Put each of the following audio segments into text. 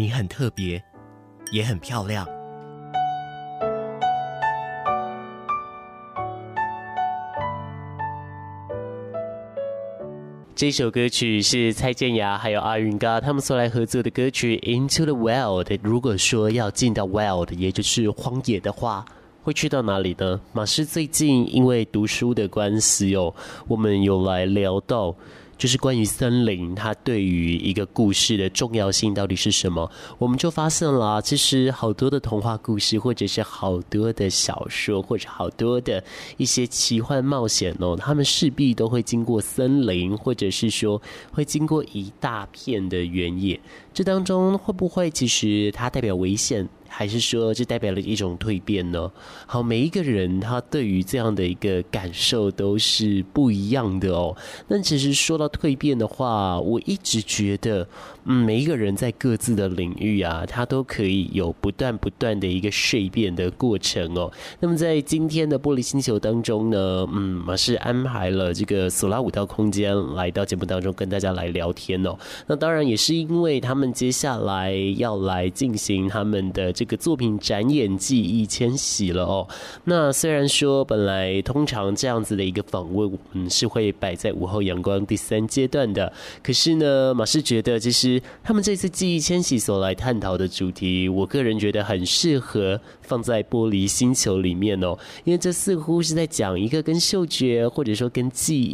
你很特別，也很漂亮。這首歌曲是蔡健雅還有阿雲嘎他們所來合作的歌曲《Into the Wild》。如果說要進到 Wild，也就是荒野的話，會去到哪裡呢？馬師最近因為讀書的關係哦，我們有來聊到。就是關於森林，它對於一個故事的重要性到底是什麼？我們就發現了，其實好多的童話故事，或者是好多的小說，或者好多的一些奇幻冒險哦，他們勢必都會經過森林，或者是說會經過一大片的原野。這當中會不會其實它代表危險？還是說這代表了一種蛻變呢？好，每一個人他對於這樣的一個感受都是不一樣的哦。但其實說到蛻變的話，我一直覺得，嗯，每一個人在各自的領域啊，他都可以有不斷不斷的一個蛻變的過程哦。那麼在今天的《玻璃星球》當中呢，嗯，我是安排了這個索拉舞蹈空間來到節目當中跟大家來聊天哦。那當然也是因為他們接下來要來進行他們的。這個作品展演記憶遷徙了哦。那雖然說本來通常這樣子的一個訪問，嗯，是會擺在午後陽光第三階段的，可是呢，馬是覺得，其實他們這次記憶遷徙所來探討的主題，我個人覺得很適合。放在玻璃星球裡面哦、喔，因為這似乎是在講一個跟嗅覺或者說跟記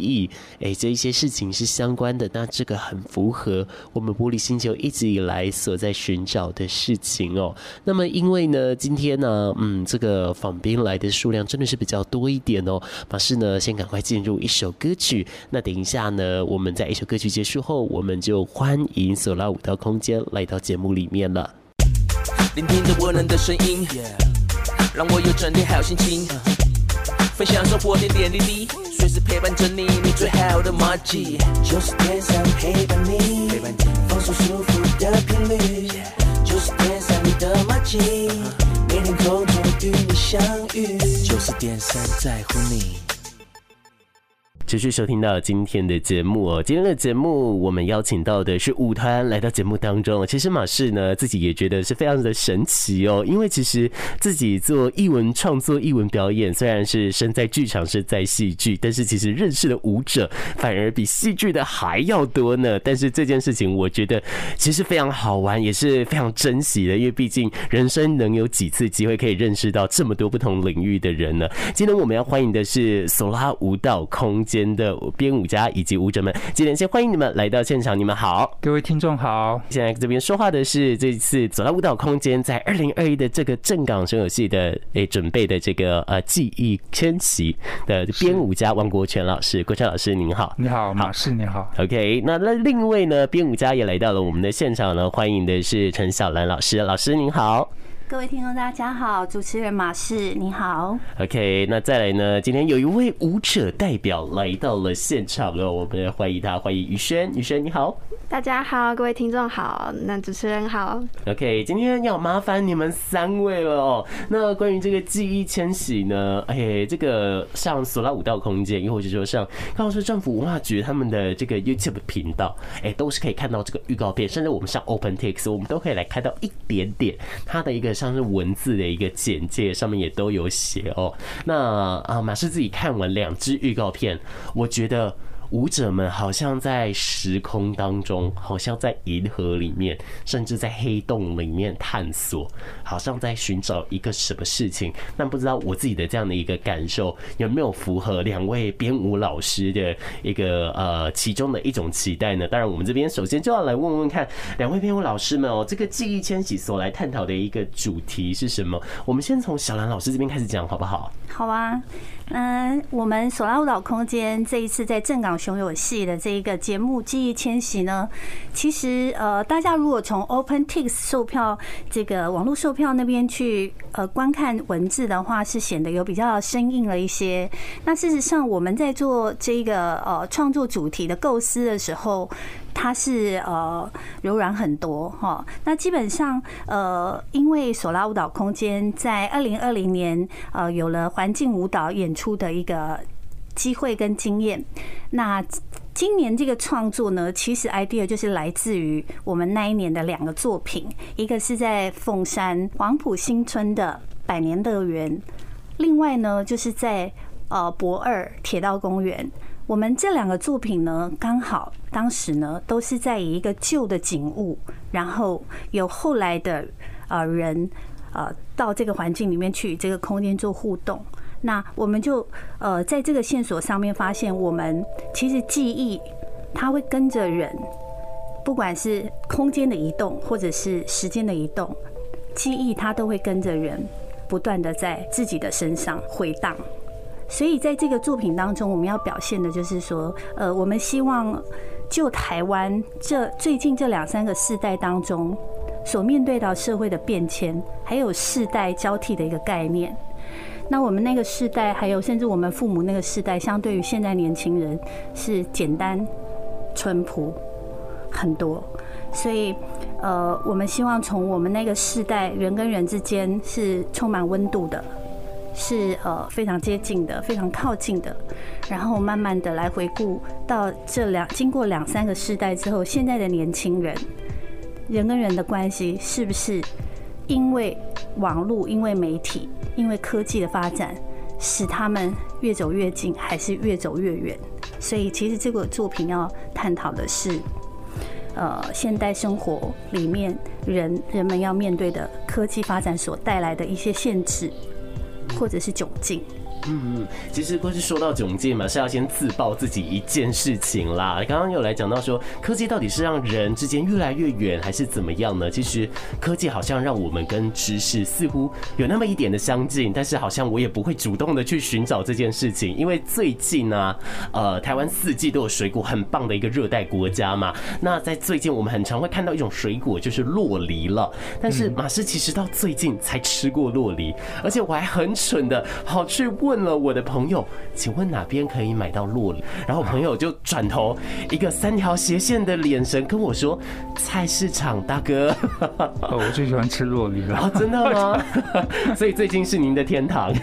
憶，誒、欸，這一些事情是相關的。那這個很符合我們玻璃星球一直以來所在尋找的事情哦、喔。那麼，因為呢，今天呢，嗯，這個訪賓來的數量真的是比較多一點哦、喔。馬上呢，先趕快進入一首歌曲。那等一下呢，我們在一首歌曲結束後，我們就歡迎索拉舞蹈空間來到節目裡面了。聆聽着溫暖的聲音，讓我有整天好心情。Yeah. 分享生活點點滴滴，隨時陪伴着你，你最好的麻吉，就是九十點三陪伴你。放鬆舒服的頻率，Yeah. 就是九十點三你的麻吉，每天空中與你相遇，就是九十點三在乎你。持續收聽到今天的節目哦，今天的節目我們邀請到的是舞團來到節目當中。其實馬氏呢自己也覺得是非常的神奇哦，因為其實自己做藝文創作、藝文表演，雖然是身在劇場、身在戲劇，但是其實認識的舞者反而比戲劇的還要多呢。但是這件事情我覺得其實非常好玩，也是非常珍惜的，因為畢竟人生能有幾次機會可以認識到這麼多不同領域的人呢？今天我們要歡迎的是索拉舞蹈空間。間的編舞家以及舞者們，今天先歡迎你們來到現場。你們好，各位聽眾好。現在這邊說話的是這一次走到舞蹈空間在二零二一的這個正港所有戲的誒、欸、準備的這個呃記憶遷徙的編舞家王國權老師，國權老師，老師您好，你好，馬氏你好。OK，那那另一位呢，編舞家也來到了我們的現場呢，歡迎的是陳小蘭老師，老師您好。各位聽眾，大家好，主持人馬氏，你好。OK，那再來呢？今天有一位舞者代表來到了現場了，我們也歡迎他。歡迎雨軒，雨軒你好。大家好，各位聽眾好，那主持人好。OK，今天要麻煩你們三位了、喔。哦。那關於這個記憶遷徙呢？哎、欸，這個上索拉舞蹈空間，又或者說上高雄市政府文化局他們的這個 YouTube 頻道，哎、欸，都是可以看到這個預告片，甚至我們上 OPENTIX，我們都可以來看到一點點他的一個。像是文字的一個簡介，上面也都有寫哦、喔。那啊，馬氏自己看完兩支預告片，我覺得。舞者們好像在時空當中，好像在銀河裡面，甚至在黑洞裡面探索，好像在尋找一個什麼事情。但不知道我自己的這樣的一個感受有沒有符合兩位編舞老師的一個呃其中的一種期待呢？當然，我們這邊首先就要來問問看兩位編舞老師們哦、喔，這個記憶遷徙所來探討的一個主題是什麼？我們先從小蘭老師這邊開始講，好不好？好啊。嗯，我們索拉舞蹈空間這一次在正港雄有戲的這一個節目《記憶遷徙》呢，其實呃，大家如果從 OpenTix 售票這個網絡售票那邊去呃觀看文字的話，是顯得有比較生硬了一些。那事實上，我們在做這個呃創作主題的構思的時候。它是呃柔軟很多哈。那基本上呃，因為索拉舞蹈空間在二零二零年呃有了環境舞蹈演出的一個機會跟經驗，那今年這個創作呢，其實 idea 就是來自於我們那一年的兩個作品，一個是在鳳山黃埔新村的百年樂園，另外呢就是在呃駁二鐵道公園。我們這兩個作品呢，剛好當時呢都是在以一個舊的景物，然後有後來的啊人啊到這個環境裡面去，這個空間做互動。那我們就呃在這個線索上面發現，我們其實記憶它會跟着人，不管是空間的移動或者是時間的移動，記憶它都會跟着人不斷的在自己的身上回蕩。所以，在這個作品當中，我們要表現的就是說，呃，我們希望就台灣這最近這兩三個世代當中所面對到社會的變遷，還有世代交替的一個概念。那我們那個世代，還有甚至我們父母那個世代，相對於現在年輕人是簡單、淳樸很多。所以，呃，我們希望從我們那個世代，人跟人之間是充滿溫度的。是呃，非常接近的，非常靠近的。然後慢慢的來回顧到這兩經過兩三個世代之後，現在的年輕人，人跟人的關係是不是因為網絡、因為媒體、因為科技的發展，使他們越走越近，還是越走越遠？所以其實這個作品要探討的是，呃，現代生活裡面人人們要面對的科技發展所帶來的一些限制或者是窘境。嗯嗯，其實不是說到窘境嘛，是要先自爆自己一件事情啦。剛剛又來講到說，科技到底是讓人之間越來越遠，還是怎麼樣呢？其實科技好像讓我們跟知識似乎有那麼一點的相近，但是好像我也不會主動的去尋找這件事情。因為最近呢、啊，呃，台灣四季都有水果，很棒的一個熱帶國家嘛。那在最近，我們很常會看到一種水果，就是酪梨了。但是馬師其實到最近才吃過酪梨，而且我還很蠢的好去問。問了我的朋友，請問哪邊可以買到酪梨？然後朋友就轉頭一個三條斜線的眼神跟我說：“菜市場大哥、哦，我最喜歡吃酪梨了、哦，真的嗎？ 所以最近是您的天堂。”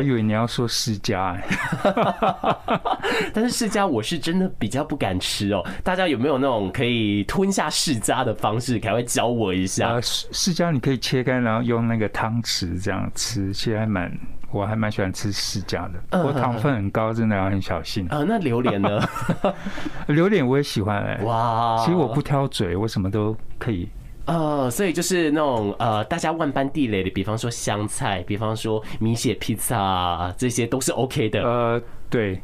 我以為你要說釋迦、欸， 但是釋迦我是真的比較不敢吃哦、喔。大家有沒有那種可以吞下釋迦的方式？趕快教我一下。釋、呃、釋迦你可以切開，然後用那個湯匙這樣吃，其實還蠻，我還蠻喜歡吃釋迦的、呃。我糖分很高，真的要很小心。啊、呃、那榴蓮呢？ 榴蓮我也喜歡、欸。哇、wow，其實我不挑嘴，我什麼都可以。呃，所以就是那種，呃，大家萬般地雷的，比方說香菜，比方說米血披薩，這些都是 OK 的。對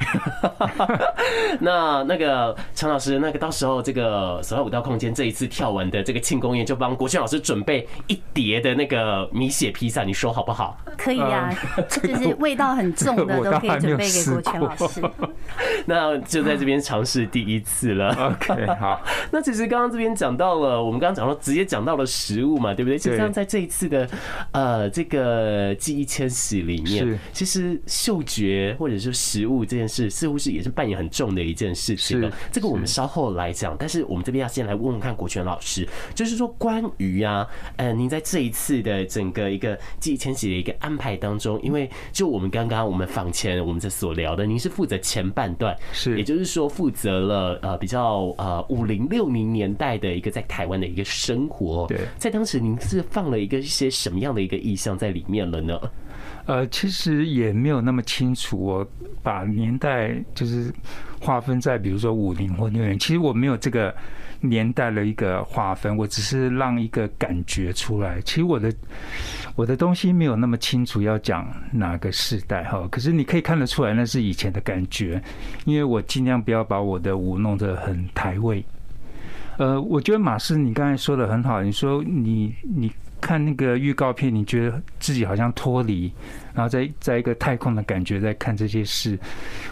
那那個陳老師，那個到時候這個《手繪舞蹈空間》這一次跳完的這個慶功宴，就幫國權老師準備一碟的那個米血披薩，你說好不好？可以呀、啊嗯，就是味道很重的都可以準備給國權老師。這個、 那就在這邊嘗試第一次了。 OK，好。 那其實剛剛這邊講到了，我們剛剛講說直接講到了食物嘛，對不對？對就像在這一次的呃這個記憶遷徙裡面，其實嗅覺或者是食物。這件事似乎是也是扮演很重的一件事情了，這個我們稍後來講。但是我們這邊要先來問問看國權老師，就是說關於啊，嗯，您在這一次的整個一個記憶遷徙的一個安排當中，因為就我們剛剛我們訪前我們在所聊的，您是負責前半段，是，也就是說負責了呃比較呃五零六零年代的一個在台灣的一個生活，對，在當時您是放了一個一些什麼樣的一個意象在裡面了呢？呃，其實也沒有那麼清楚。我把年代就是劃分在比如說五零或六零，其實我沒有這個年代的一個劃分，我只是讓一個感覺出來。其實我的我的東西沒有那麼清楚要講哪個時代哈。可是你可以看得出來那是以前的感覺，因為我儘量不要把我的舞弄得很台味。呃，我覺得馬斯你剛才說的很好，你說你你。看那個預告片，你覺得自己好像脫離，然後在在一個太空的感覺，在看這些事。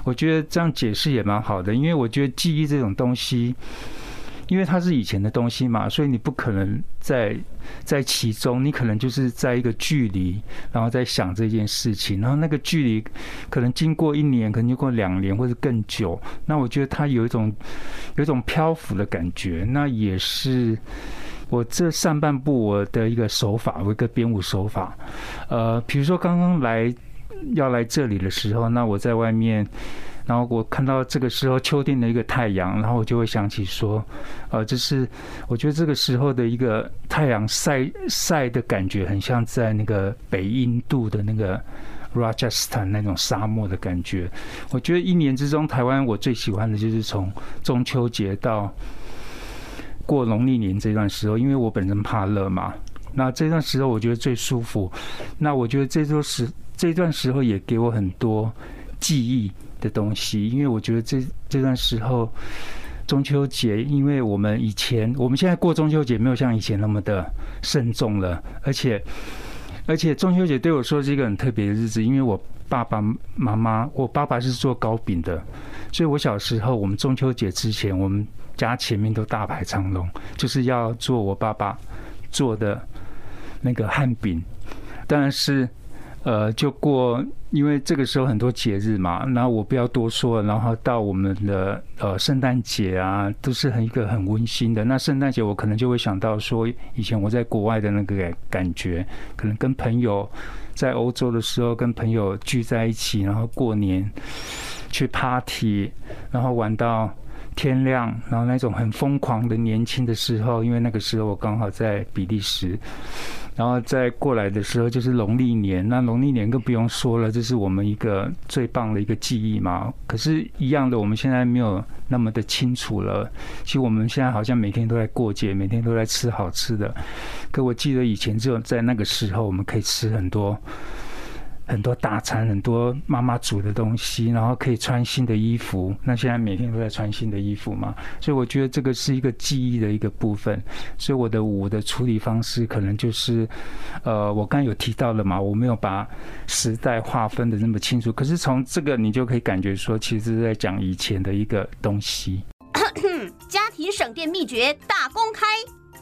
我覺得這樣解釋也蠻好的，因為我覺得記憶這種東西，因為它是以前的東西嘛，所以你不可能在在其中，你可能就是在一個距離，然後在想這件事情，然後那個距離可能經過一年，可能就過兩年或者更久。那我覺得它有一種有一種漂浮的感覺，那也是。我這上半部我的一個手法，我一個編舞手法，呃，比如說剛剛來要來這裡的時候，那我在外面，然後我看到這個時候秋天的一個太陽，然後我就會想起說，呃，就是我覺得這個時候的一個太陽曬曬的感覺，很像在那個北印度的那個 Rajasthan 那種沙漠的感覺。我覺得一年之中，台灣我最喜歡的就是從中秋節到過農曆年這段時候，因為我本身怕熱嘛，那這段時候我覺得最舒服。那我覺得這段時這段時候也給我很多記憶的東西，因為我覺得這這段時候中秋節，因為我們以前我們現在過中秋節沒有像以前那麼的慎重了，而且。而且中秋節對我說是一個很特別的日子，因為我爸爸媽媽，我爸爸是做糕餅的，所以我小時候，我們中秋節之前，我們家前面都大排長龍，就是要做我爸爸做的那個漢餅，但是。呃，就過，因為這個時候很多節日嘛，然後我不要多說了。然後到我們的呃聖誕節啊，都是很一個很溫馨的。那聖誕節我可能就會想到說，以前我在國外的那個感覺，可能跟朋友在歐洲的時候，跟朋友聚在一起，然後過年去 party，然後玩到天亮，然後那種很瘋狂的年輕的時候，因為那個時候我剛好在比利時。然後再過來的時候就是農曆年，那農曆年更不用說了，這是我們一個最棒的一個記憶嘛。可是，一樣的，我們現在沒有那麼的清楚了。其實我們現在好像每天都在過節，每天都在吃好吃的。可我記得以前只有在那個時候，我們可以吃很多。很多大餐，很多媽媽煮的東西，然後可以穿新的衣服。那現在每天都在穿新的衣服嘛？所以我覺得這個是一個記憶的一個部分。所以我的五的處理方式，可能就是，呃，我剛剛有提到了嘛，我沒有把時代劃分得那麼清楚。可是從這個，你就可以感覺說，其實是在講以前的一個東西。 家庭省電秘訣大公開。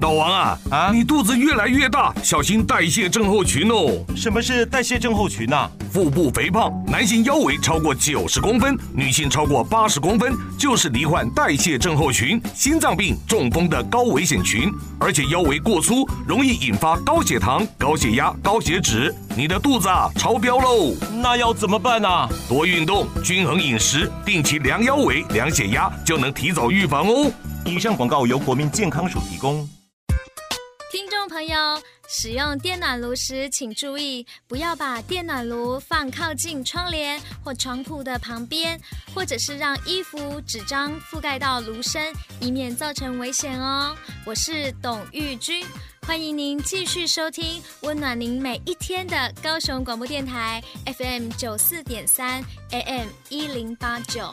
老王啊啊！你肚子越來越大，小心代謝症候群哦。什麼是代謝症候群呢、啊？腹部肥胖，男性腰圍超過九十公分，女性超過八十公分，就是罹患代謝症候群、心臟病、中風的高危險群。而且腰圍過粗，容易引發高血糖、高血壓、高血脂。你的肚子啊超標嘍！那要怎麼辦呢、啊？多運動，均衡飲食，定期量腰圍、量血壓，就能提早預防哦。以上廣告由國民健康署提供。聽眾朋友，使用電暖爐時，請注意不要把電暖爐放靠近窗簾或床鋪的旁邊，或者是讓衣服、紙張覆蓋到爐身，以免造成危險哦。我是董玉君，歡迎您繼續收聽溫暖您每一天的高雄廣播電台 FM 九四點三 AM 一零八九。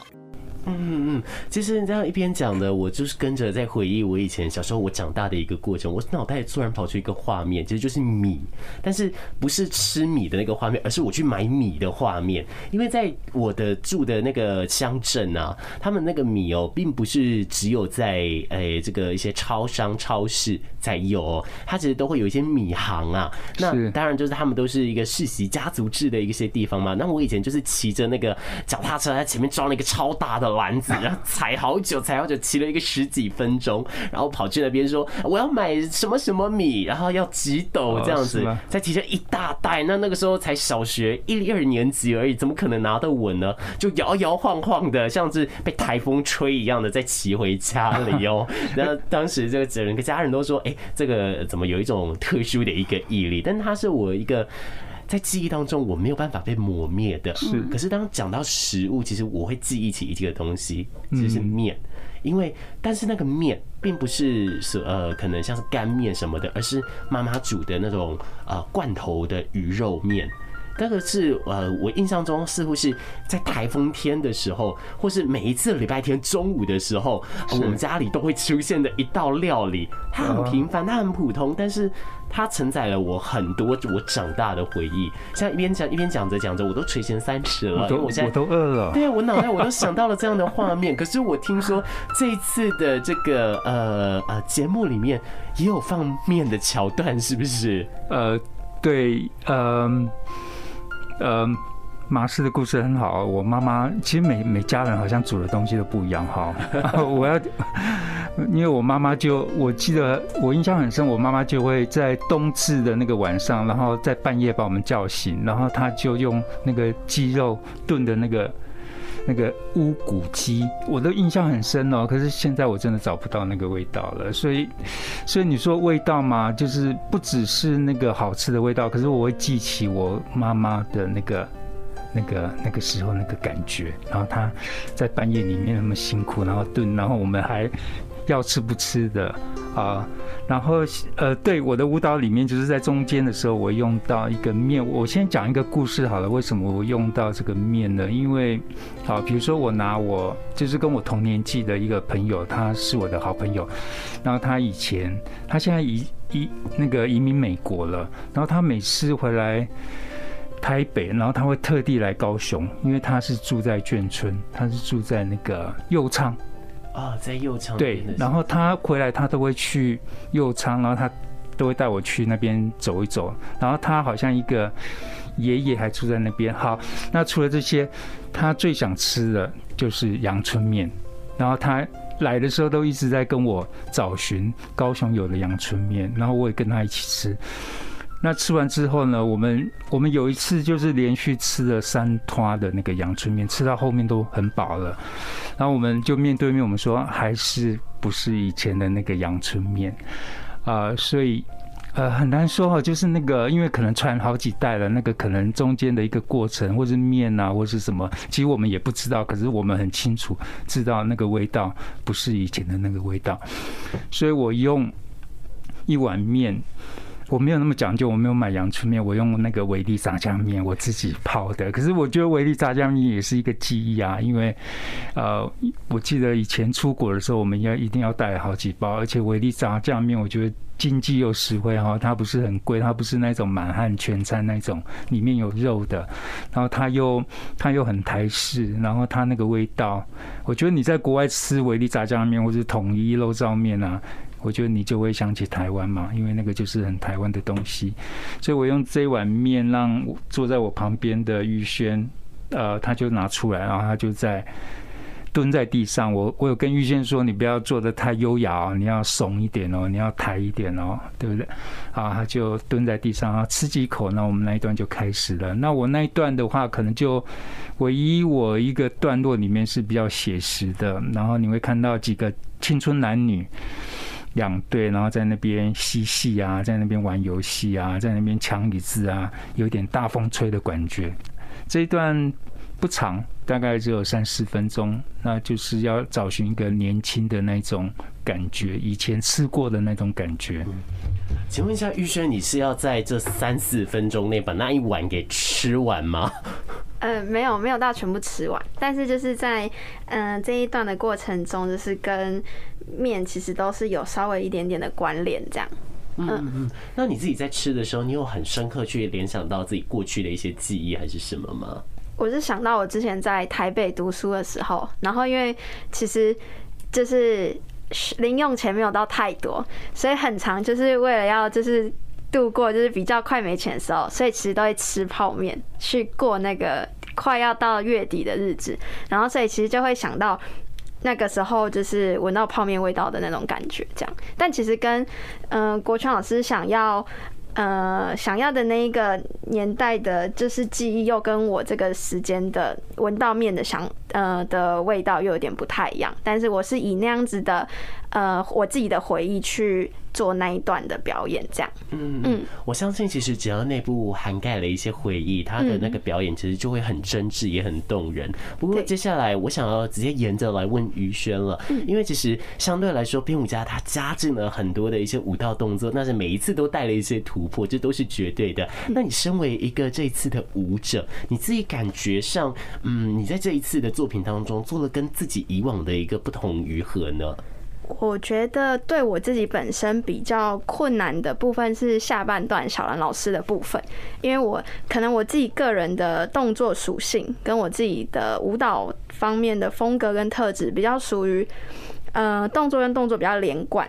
嗯嗯嗯，其實你這樣一邊講的，我就是跟着在回憶我以前小時候我長大的一個過程。我腦袋裡突然跑出一個畫面，其實就是米，但是不是吃米的那個畫面，而是我去買米的畫面。因為在我的住的那個鄉鎮啊，他們那個米哦、喔，並不是只有在誒、欸、這個一些超商超市才有、喔，哦，它其實都會有一些米行啊。那當然就是他們都是一個世襲家族制的一些地方嘛。那我以前就是騎着那個腳踏車，在前面裝了一個超大的。丸子，然後踩好久，踩好久，騎了一個十幾分鐘，然後跑去那邊說我要買什麼什麼米，然後要幾斗這樣子，再、哦、提着一大袋。那那個時候才小學一二年級而已，怎麼可能拿得穩呢？就搖搖晃晃的，像是被台風吹一樣的，再騎回家裡哦。 那當時這個整個家人都說，哎、欸，這個怎麼有一種特殊的一個毅力？但他是我一個。在記憶當中，我沒有辦法被抹滅的。可是當講到食物，其實我會記憶起一個東西，就是麵。因為，但是那個麵並不是呃，可能像是乾麵什麼的，而是媽媽煮的那種呃罐頭的魚肉麵。這個是呃，我印象中似乎是在台風天的時候，或是每一次禮拜天中午的時候，呃，我們家裡都會出現的一道料理。它很平凡，它很普通，但是它承載了我很多我長大的回憶。像一邊講一邊講着講着，我都垂涎三尺了。我都我，現在我都餓了。對啊，我腦袋我都想到了這樣的畫面。 可是我聽說這一次的這個呃呃節目裡面也有放面的橋段，是不是？呃，對，嗯，呃。嗯，麻食的故事很好。我媽媽其實每每家人好像煮的東西都不一樣哈。我要，因為我媽媽就我記得我印象很深，我媽媽就會在冬至的那個晚上，然後在半夜把我們叫醒，然後她就用那個雞肉燉的那個。那個烏骨雞，我都印象很深哦。可是現在我真的找不到那個味道了。所以，所以你說味道嘛，就是不只是那個好吃的味道，可是我會記起我媽媽的那個、那個、那個時候那個感覺。然後她在半夜裡面那麼辛苦，然後燉，然後我們還。要吃不吃的啊，然後呃，對我的舞蹈裡面，就是在中間的時候，我用到一個麵。我先講一個故事好了，為什麼我用到這個麵呢？因為，好，比如說我拿我就是跟我同年紀的一個朋友，他是我的好朋友。然後他以前，他現在移移那個移民美國了。然後他每次回來台北，然後他會特地來高雄，因為他是住在眷村，他是住在那個右昌。啊，oh，在右昌。對，然後他回來，他都會去右昌，然後他都會帶我去那邊走一走。然後他好像一個爺爺還住在那邊。好，那除了這些，他最想吃的就是陽春麵。然後他來的時候都一直在跟我找尋高雄有的陽春麵，然後我也跟他一起吃。那吃完之後呢？我們我們有一次就是連續吃了三趟的那個陽春麵，吃到後面都很飽了。然後我們就面對面，我們說還是不是以前的那個陽春面啊？呃，所以呃很難說哈。就是那個因為可能傳好幾代了，那個可能中間的一個過程，或是面啊，或是什麼，其實我們也不知道。可是我們很清楚知道那個味道不是以前的那個味道，所以我用一碗面。我沒有那麼講究，我沒有買陽春麵，我用那個維力炸醬麵，我自己泡的。可是我覺得維力炸醬麵也是一個記憶啊，因為，呃，我記得以前出國的時候，我們要一定要帶好幾包。而且維力炸醬麵，我覺得經濟又實惠哈，它不是很貴，它不是那種滿漢全餐那種裡面有肉的，然後它又它又很台式，然後它那個味道，我覺得你在國外吃維力炸醬麵或是統一肉燥麵啊，我覺得你就會想起台灣嘛，因為那個就是很台灣的東西，所以我用這碗麵讓坐在我旁邊的玉軒，呃，他就拿出來，然後他就在蹲在地上。我我有跟玉軒說，你不要坐得太優雅哦，你要慫一點哦，你要抬一點哦，對不對？啊，他就蹲在地上，然後吃幾口，那我們那一段就開始了。那我那一段的話，可能就唯一我一個段落裡面是比較寫實的，然後你會看到幾個青春男女，兩隊，然後在那邊嬉戲啊，在那邊玩遊戲啊，在那邊搶椅子啊，有點大風吹的感覺。這一段不長，大概只有三四分鐘，那就是要找尋一個年輕的那種感覺，以前吃過的那種感覺。請問一下玉軒，你是要在這三四分鐘內把那一碗給吃完嗎？呃，沒有，沒有到全部吃完，但是就是在，嗯、呃，這一段的過程中，就是跟麵其實都是有稍微一點點的關聯，這樣。嗯、呃、嗯，那你自己在吃的時候，你有很深刻去聯想到自己過去的一些記憶，還是什麼嗎？我是想到我之前在台北讀書的時候，然後因為其實就是零用錢沒有到太多，所以很常就是為了要就是。度過就是比較快沒錢的時候，所以其實都會吃泡麵去過那個快要到月底的日子，然後所以其實就會想到那個時候就是聞到泡麵味道的那種感覺，這樣。但其實跟嗯、呃、國權老師想要呃想要的那一個年代的，就是記憶又跟我這個時間的聞到麵的想呃的味道又有點不太一樣，但是我是以那樣子的呃我自己的回憶去做那一段的表演，這樣，嗯嗯，我相信其實只要內部涵蓋了一些回憶，他的那個表演其實就會很真摯，也很動人。不過接下來我想要直接沿着來問於軒了，因為其實相對來說，編舞家他加進了很多的一些舞蹈動作，但是每一次都帶了一些突破，這都是絕對的。那你身為一個這一次的舞者，你自己感覺上，嗯，你在這一次的作品當中做了跟自己以往的一個不同於何呢？我覺得對我自己本身比較困難的部分是下半段小蘭老師的部分，因為我可能我自己個人的動作屬性跟我自己的舞蹈方面的風格跟特質比較屬於，呃，動作跟動作比較連貫，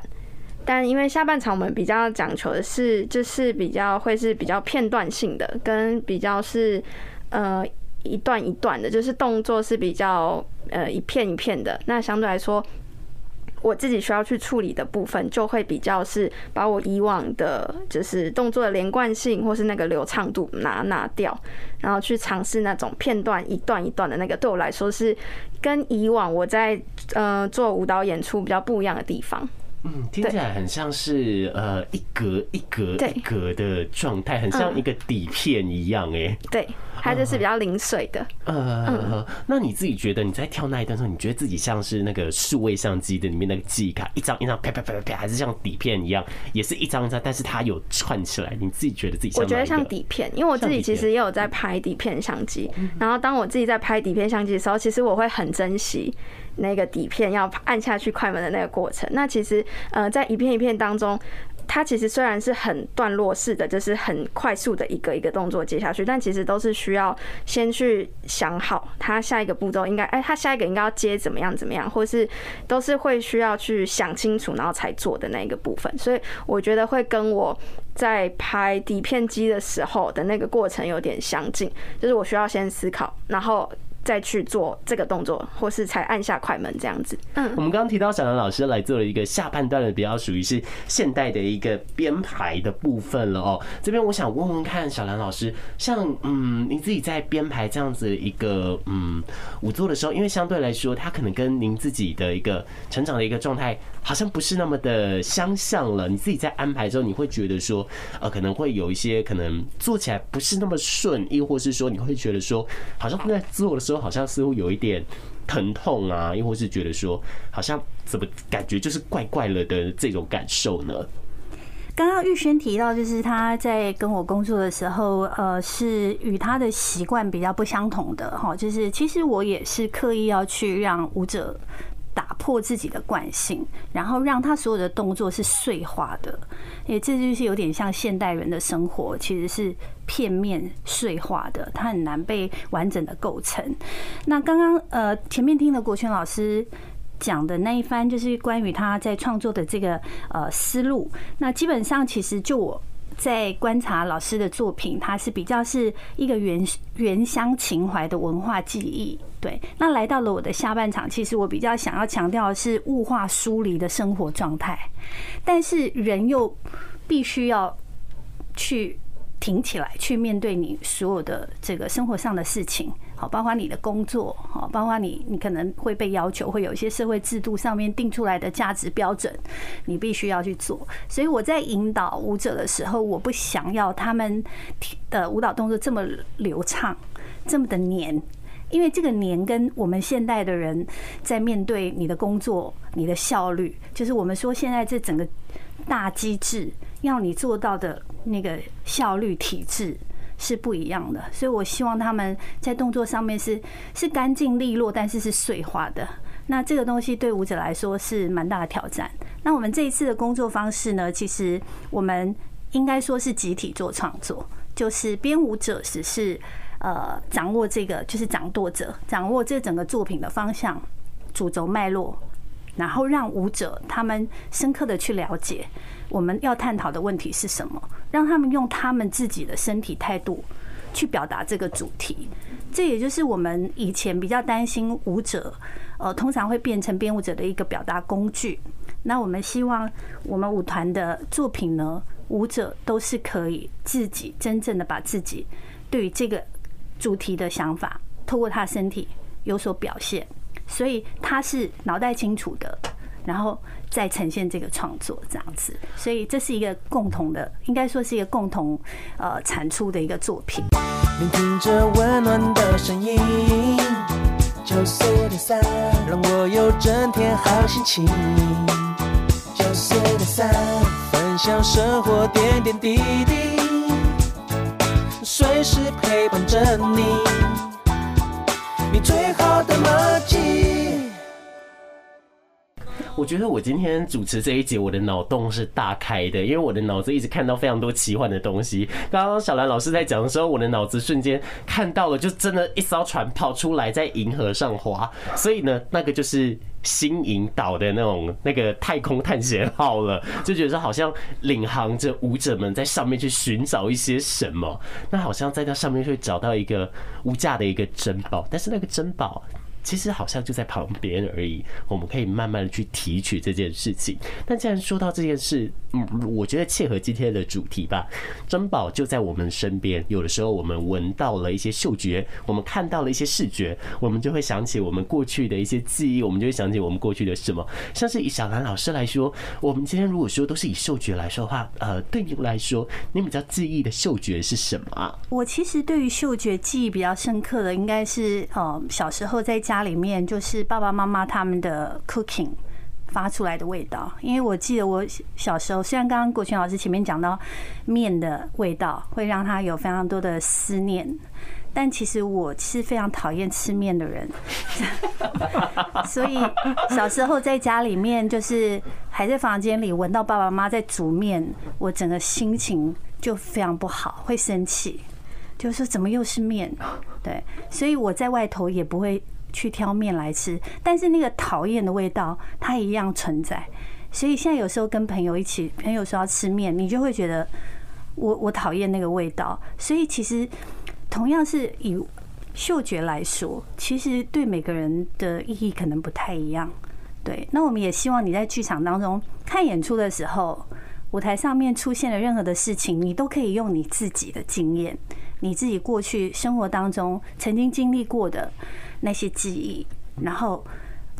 但因為下半場我們比較講求的是就是比較會是比較片段性的，跟比較是呃一段一段的，就是動作是比較呃一片一片的，那相對來說。我自己需要去處理的部分，就會比較是把我以往的，就是動作的連貫性或是那個流暢度拿拿掉，然後去嘗試那種片段一段一段的那個，對我來說是跟以往我在呃做舞蹈演出比較不一樣的地方。嗯，聽起來很像是呃一格一格一格的狀態，很像一個底片一樣哎、欸嗯。對，它、嗯、就是比較零碎的、嗯。呃，那你自己覺得你在跳那一段時候，你覺得自己像是那個數位相機的裡面那個記憶卡，一張一張啪啪啪啪啪啪，還是像底片一樣，也是一張一張，但是它有串起來。你自己覺得自己？我覺得像底片，因為我自己其實也有在拍底片相機。然後當我自己在拍底片相機的時候，其實我會很珍惜那個底片要按下去快門的那個過程，那其實，呃，在一片一片當中，它其實雖然是很段落式的，就是很快速的一個一個動作接下去，但其實都是需要先去想好它下一個步驟應該，哎，它下一個應該要接怎麼樣怎麼樣，或是都是會需要去想清楚，然後才做的那個部分。所以我覺得會跟我在拍底片機的時候的那個過程有點相近，就是我需要先思考，然後。再去做這個動作，或是才按下快門這樣子。嗯，我們剛剛提到小蘭老師來做了一個下半段的比較屬於是現代的一個編排的部分了哦。這邊我想問問看，小蘭老師，像嗯，你自己在編排這樣子一個嗯舞作的時候，因為相對來說，它可能跟您自己的一個成長的一個狀態。好像不是那麼的相像了。你自己在安排之後，你會覺得說，呃，可能會有一些可能做起來不是那麼順，亦或是說，你會覺得說，好像在做的時候，好像似乎有一點疼痛啊，亦或是覺得說，好像怎麼感覺就是怪怪了的這種感受呢？剛剛玉軒提到，就是他在跟我工作的時候，呃，是與他的習慣比較不相同的哈。就是其實我也是刻意要去讓舞者。打破自己的慣性，然後讓他所有的動作是碎化的，誒，這就是有點像現代人的生活，其實是片面碎化的，他很難被完整的構成。那剛剛呃前面聽了國權老師講的那一番，就是關於他在創作的這個呃思路。那基本上其實就我。在觀察老師的作品，它，是比較是一個原原鄉情懷的文化記憶。對，那來到了我的下半場，其實我比較想要強調的是物化疏離的生活狀態，但是人又必須要去挺起來，去面對你所有的這個生活上的事情。好，包括你的工作，好，包括你，你可能會被要求，會有一些社會制度上面定出來的價值標準，你必須要去做。所以我在引導舞者的時候，我不想要他們的舞蹈動作這麼流暢，這麼的黏，因為這個黏跟我們現代的人在面對你的工作，你的效率，就是我們說現在這整個大機制要你做到的那個效率體制是不一樣的，所以我希望他們在動作上面是是乾淨利落，但是是碎化的。那這個東西對舞者來說是蠻大的挑戰。那我們這一次的工作方式呢，其實我們應該說是集體做創作，就是編舞者只是呃掌握這個，就是掌舵者，掌握這整個作品的方向、主軸脈絡。然後讓舞者他們深刻的去了解我們要探討的問題是什麼，讓他們用他們自己的身體態度去表達這個主題。這也就是我們以前比較擔心舞者，呃，通常會變成編舞者的一個表達工具。那我們希望我們舞團的作品呢，舞者都是可以自己真正的把自己對於這個主題的想法，透過他身體有所表現。所以他是腦袋清楚的，然後再呈現這個創作這樣子。所以這是一個共同的，應該說是一個共同呃，產出的一個作品。聆聽着溫暖的聲音，九四點三，讓我有整天好心情。九四點三，分享生活點點滴滴，隨時陪伴着你，你最好的我覺得我今天主持這一節，我的腦洞是大開的，因為我的腦子一直看到非常多奇幻的東西。剛剛小蘭老師在講的時候，我的腦子瞬間看到了，就真的一艘船跑出來在銀河上划，所以呢，那個就是新引導的那種那個太空探險號了，就覺得好像領航着舞者們在上面去尋找一些什麼，那好像在那上面會找到一個無價的一個珍寶，但是那個珍寶。其實好像就在旁邊而已，我們可以慢慢的去提取這件事情。那既然說到這件事，嗯，我覺得切合今天的主題吧。珍寶就在我們身邊，有的時候我們聞到了一些嗅覺，我們看到了一些視覺，我們就會想起我們過去的一些記憶，我們就會想起我們過去的什麼。像是以小蘭老師來說，我們今天如果說都是以嗅覺來說的話，呃，對你來說，你比較記憶的嗅覺是什麼？我其實對於嗅覺記憶比較深刻的，應該是呃，小時候在家。家裡面就是爸爸媽媽他們的 cooking 發出來的味道，因為我記得我小時候，雖然剛剛國群老師前面講到麵的味道會讓他有非常多的思念，但其實我是非常討厭吃麵的人 所以小時候在家裡面就是還在房間裡聞到爸爸媽媽在煮麵，我整個心情就非常不好，會生氣，就是說怎麼又是麵？對，所以我在外頭也不會。去挑麵來吃，但是那個討厭的味道它一樣存在。所以現在有時候跟朋友一起，朋友說要吃麵，你就會覺得我我討厭那個味道。所以其實同樣是以嗅覺來說，其實對每個人的意義可能不太一樣。對，那我們也希望你在劇場當中看演出的時候，舞台上面出現了任何的事情，你都可以用你自己的經驗，你自己過去生活當中曾經經歷過的。那些記憶，然後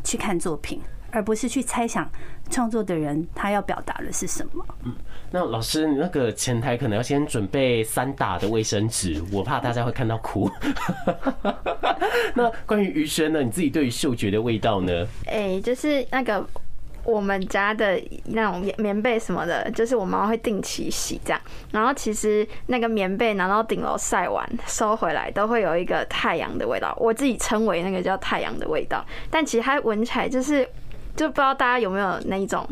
去看作品，而不是去猜想創作的人他要表達的是什麼。嗯，那老師，你那個前台可能要先準備三打的衛生紙，我怕大家會看到哭。嗯、 那關於餘生呢？你自己對於嗅覺的味道呢？誒、欸，就是那個。我們家的那種棉被什麼的，就是我媽媽會定期洗這樣。然後其實那個棉被拿到頂樓曬完收回來，都會有一個太陽的味道。我自己稱為那個叫太陽的味道。但其實它聞起來就是，就不知道大家有沒有那一種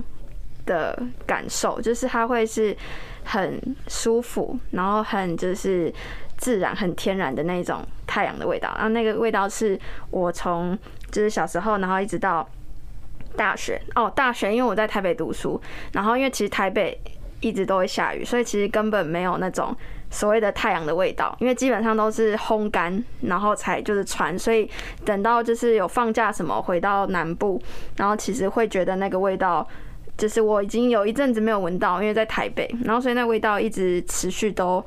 的感受，就是它會是很舒服，然後很就是自然、很天然的那種太陽的味道。然後那個味道是我從就是小時候，然後一直到。大學哦，大學。因為我在台北讀書，然後因為其實台北一直都會下雨，所以其實根本沒有那種所謂的太陽的味道，因為基本上都是烘乾，然後才就是穿。所以等到就是有放假什麼回到南部，然後其實會覺得那個味道，就是我已經有一陣子沒有聞到，因為在台北，然後所以那味道一直持續都，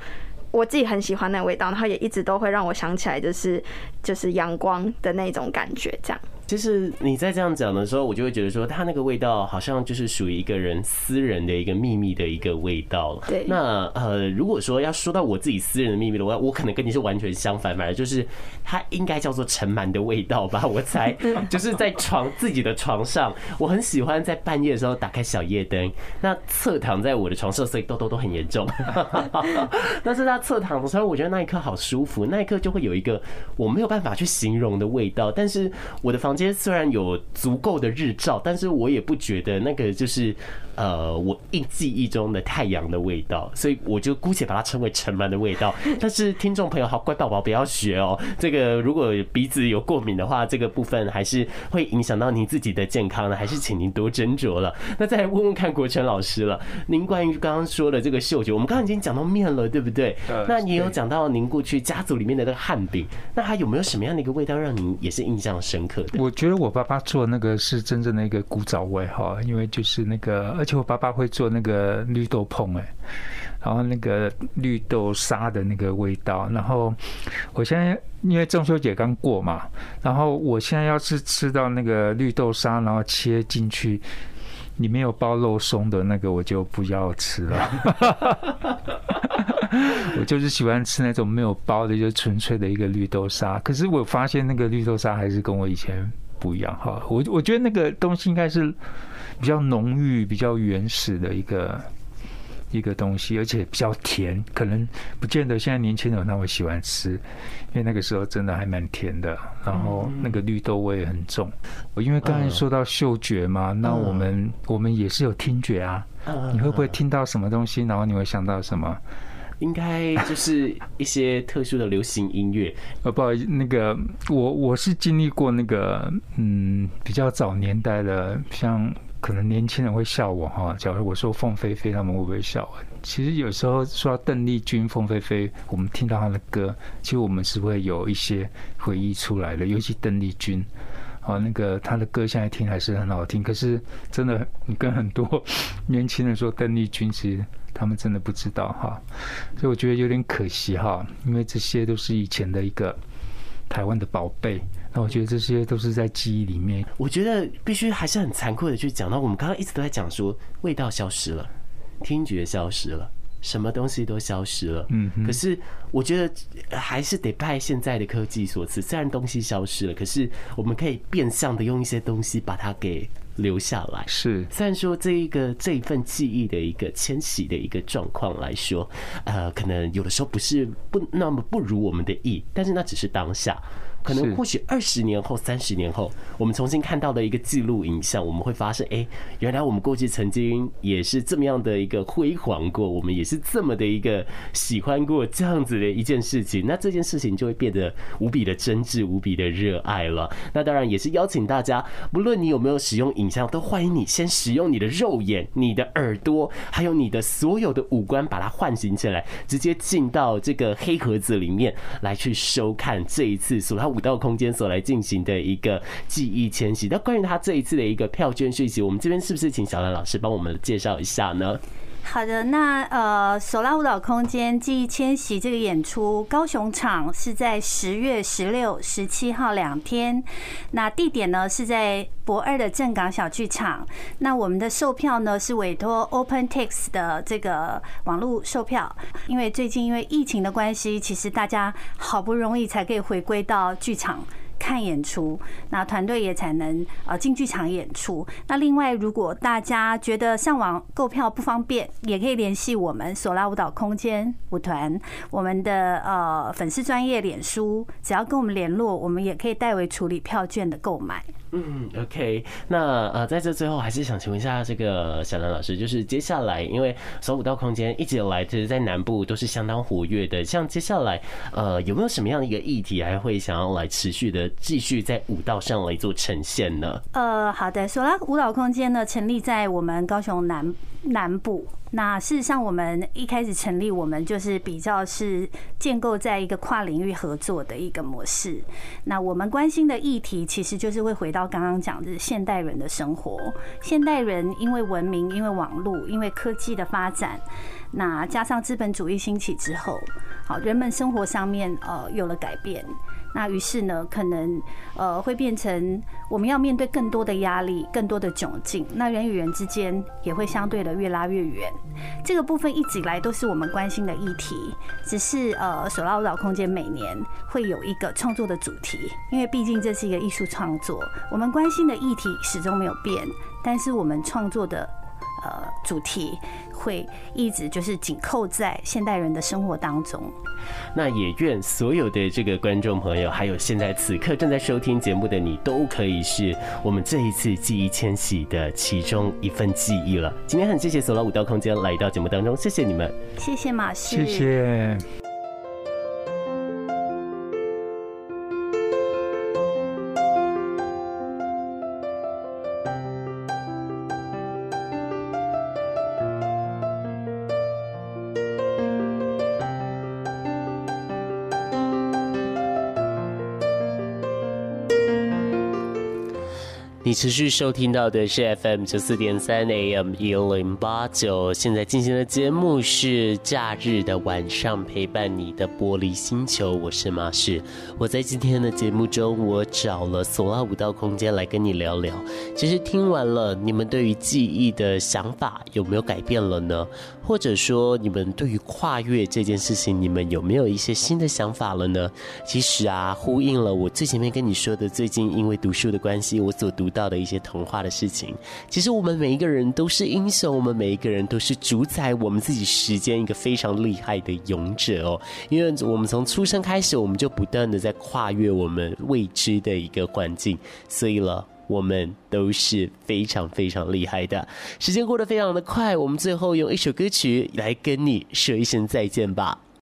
我自己很喜歡那個味道，然後也一直都會讓我想起來，就是，就是就是陽光的那種感覺，這樣。就是你在這樣講的時候，我就會覺得說，它那個味道好像就是屬於一個人私人的一個祕密的一個味道。對。那呃，如果說要說到我自己私人的祕密的話，我可能跟你是完全相反，反而就是它應該叫做塵蟎的味道吧，我猜。就是在床自己的床上，我很喜歡在半夜的時候打開小夜燈。那側躺在我的床上，所以痘痘都，都很嚴重。哈哈哈！但是，他側躺的時候，我覺得那一刻好舒服，那一刻就會有一個我沒有辦法去形容的味道。但是，我的房。今天雖然有足夠的日照，但是我也不覺得那個就是呃我印記憶中的太陽的味道，所以我就姑且把它稱為塵蟎的味道。但是聽眾朋友好，乖寶寶不要學哦、喔，這個如果鼻子有過敏的話，這個部分還是會影響到您自己的健康呢，還是請您多斟酌了。那再來問問看國成老師了，您關於剛剛說的這個嗅覺，我們剛剛已經講到麵了，對不對？那也有講到您過去家族裡面的那個漢餅，那還有沒有什麼樣的一個味道讓您也是印象深刻的？我覺得我爸爸做那個是真正的一個古早味哈，因為就是那個，而且我爸爸會做那個綠豆椪哎、欸，然後那個綠豆沙的那個味道。然後我現在因為中秋節剛過嘛，然後我現在要是吃到那個綠豆沙，然後切進去裡面有包肉鬆的那個，我就不要吃了。 我就是喜歡吃那種沒有包的，就純粹的一個綠豆沙。可是我發現那個綠豆沙還是跟我以前不一樣哈。我我覺得那個東西應該是比較濃郁、比較原始的一個一個東西，而且比較甜，可能不見得現在年輕人那麼喜歡吃，因為那個時候真的還蠻甜的。然後那個綠豆味很重。我因為剛才說到嗅覺嘛，那我們我們也是有聽覺啊。你會不會聽到什麼東西，然後你會想到什麼？應該就是一些特殊的流行音樂。呃，不好意思，那個我我是經歷過那個嗯比較早年代的，像可能年輕人會笑我哈。假如我說鳳飛飛，他們會不會笑我？其實有時候說到鄧麗君、鳳飛飛，我們聽到她的歌，其實我們是會有一些回憶出來的。尤其鄧麗君，好，那個她的歌現在聽還是很好聽。可是真的，你跟很多年輕人說鄧麗君，其實。他們真的不知道哈，所以我覺得有點可惜哈，因為這些都是以前的一個台灣的寶貝。那我覺得這些都是在記憶裡面。我覺得必須還是很殘酷的去講到，那我們剛剛一直都在講說味道消失了，聽覺消失了，什麼東西都消失了。嗯。可是我覺得還是得拜現在的科技所賜，雖然東西消失了，可是我們可以變相的用一些東西把它給。留下來是，雖然說這一個這一份記憶的一個遷徙的一個狀況來說，呃，可能有的時候不是不那麼不如我們的意，但是那只是當下。可能或許二十年後、三十年後，我們重新看到的一個記錄影像，我們會發現，哎，原來我們過去曾經也是這麼樣的一個輝煌過，我們也是這麼的一個喜歡過這樣子的一件事情。那這件事情就會變得無比的真摯，無比的熱愛了。那當然也是邀請大家，不論你有沒有使用影像，都歡迎你先使用你的肉眼、你的耳朵，還有你的所有的五官，把它喚醒起來，直接進到這個黑盒子裡面來去收看這一次索拉五道空間所來進行的一個記憶遷徙。那關於他這一次的一個票券訊息，我們這邊是不是請小蘭老師幫我們介紹一下呢？好的，那呃，索拉舞蹈空間《記憶遷徙》這個演出，高雄場是在十月十六、十七號兩天。那地點呢是在駁二的正港小劇場。那我們的售票呢是委託 OpenTix 的這個網絡售票。因為最近因為疫情的關係，其實大家好不容易才可以回歸到劇場。看演出，那團隊也才能呃進劇場演出。那另外，如果大家覺得上網購票不方便，也可以聯繫我們索拉舞蹈空間舞團，我們的呃粉絲專頁臉書，只要跟我們聯絡，我們也可以代為處理票券的購買。嗯，OK，那呃，在這最後還是想請問一下這個小蘭老師，就是接下來，因為索拉舞蹈空間一直以來其實在南部都是相當活躍的，像接下來呃有沒有什麼樣的一個議題還會想要來持續的繼續在舞蹈上來做呈現呢？呃，好的，索拉舞蹈空間呢成立在我們高雄南南部。那事實上，我們一開始成立，我們就是比較是建構在一個跨領域合作的一個模式。那我們關心的議題，其實就是會回到剛剛講的現代人的生活。現代人因為文明、因為網路、因為科技的發展，那加上資本主義興起之後，好，人們生活上面呃有了改變。那於是呢，可能呃會變成我們要面對更多的壓力、更多的窘境。那人與人之間也會相對的越拉越遠。這個部分一直以來都是我們關心的議題。只是呃，索拉舞蹈空間每年會有一個創作的主題，因為畢竟這是一個藝術創作。我們關心的議題始終沒有變，但是我們創作的呃主題。會一直就是緊扣在現代人的生活當中，那也願所有的這個觀眾朋友，還有現在此刻正在收聽節目的你，都可以是我們這一次記憶遷徙的其中一份記憶了。今天很謝謝索拉五道空間來到節目當中，謝謝你們，謝謝馬西，謝謝。你持續收聽到的是 FM 九四點三 AM 一零八九，現在進行的節目是假日的晚上陪伴你的玻璃星球，我是馬氏。我在今天的節目中，我找了索拉五道空間來跟你聊聊。其實聽完了，你們對於記憶的想法有沒有改變了呢？或者說，你們對於跨越這件事情，你們有沒有一些新的想法了呢？其實啊，呼應了我最前面跟你說的，最近因為讀書的關係，我所讀。到的一些童話的事情，其實我們每一個人都是英雄，我們每一個人都是主宰我們自己時間一個非常厲害的勇者哦。因為我們從出生開始，我們就不斷的在跨越我們未知的一個環境，所以了，我們都是非常非常厲害的。時間過得非常的快，我們最後用一首歌曲來跟你說一聲再見吧。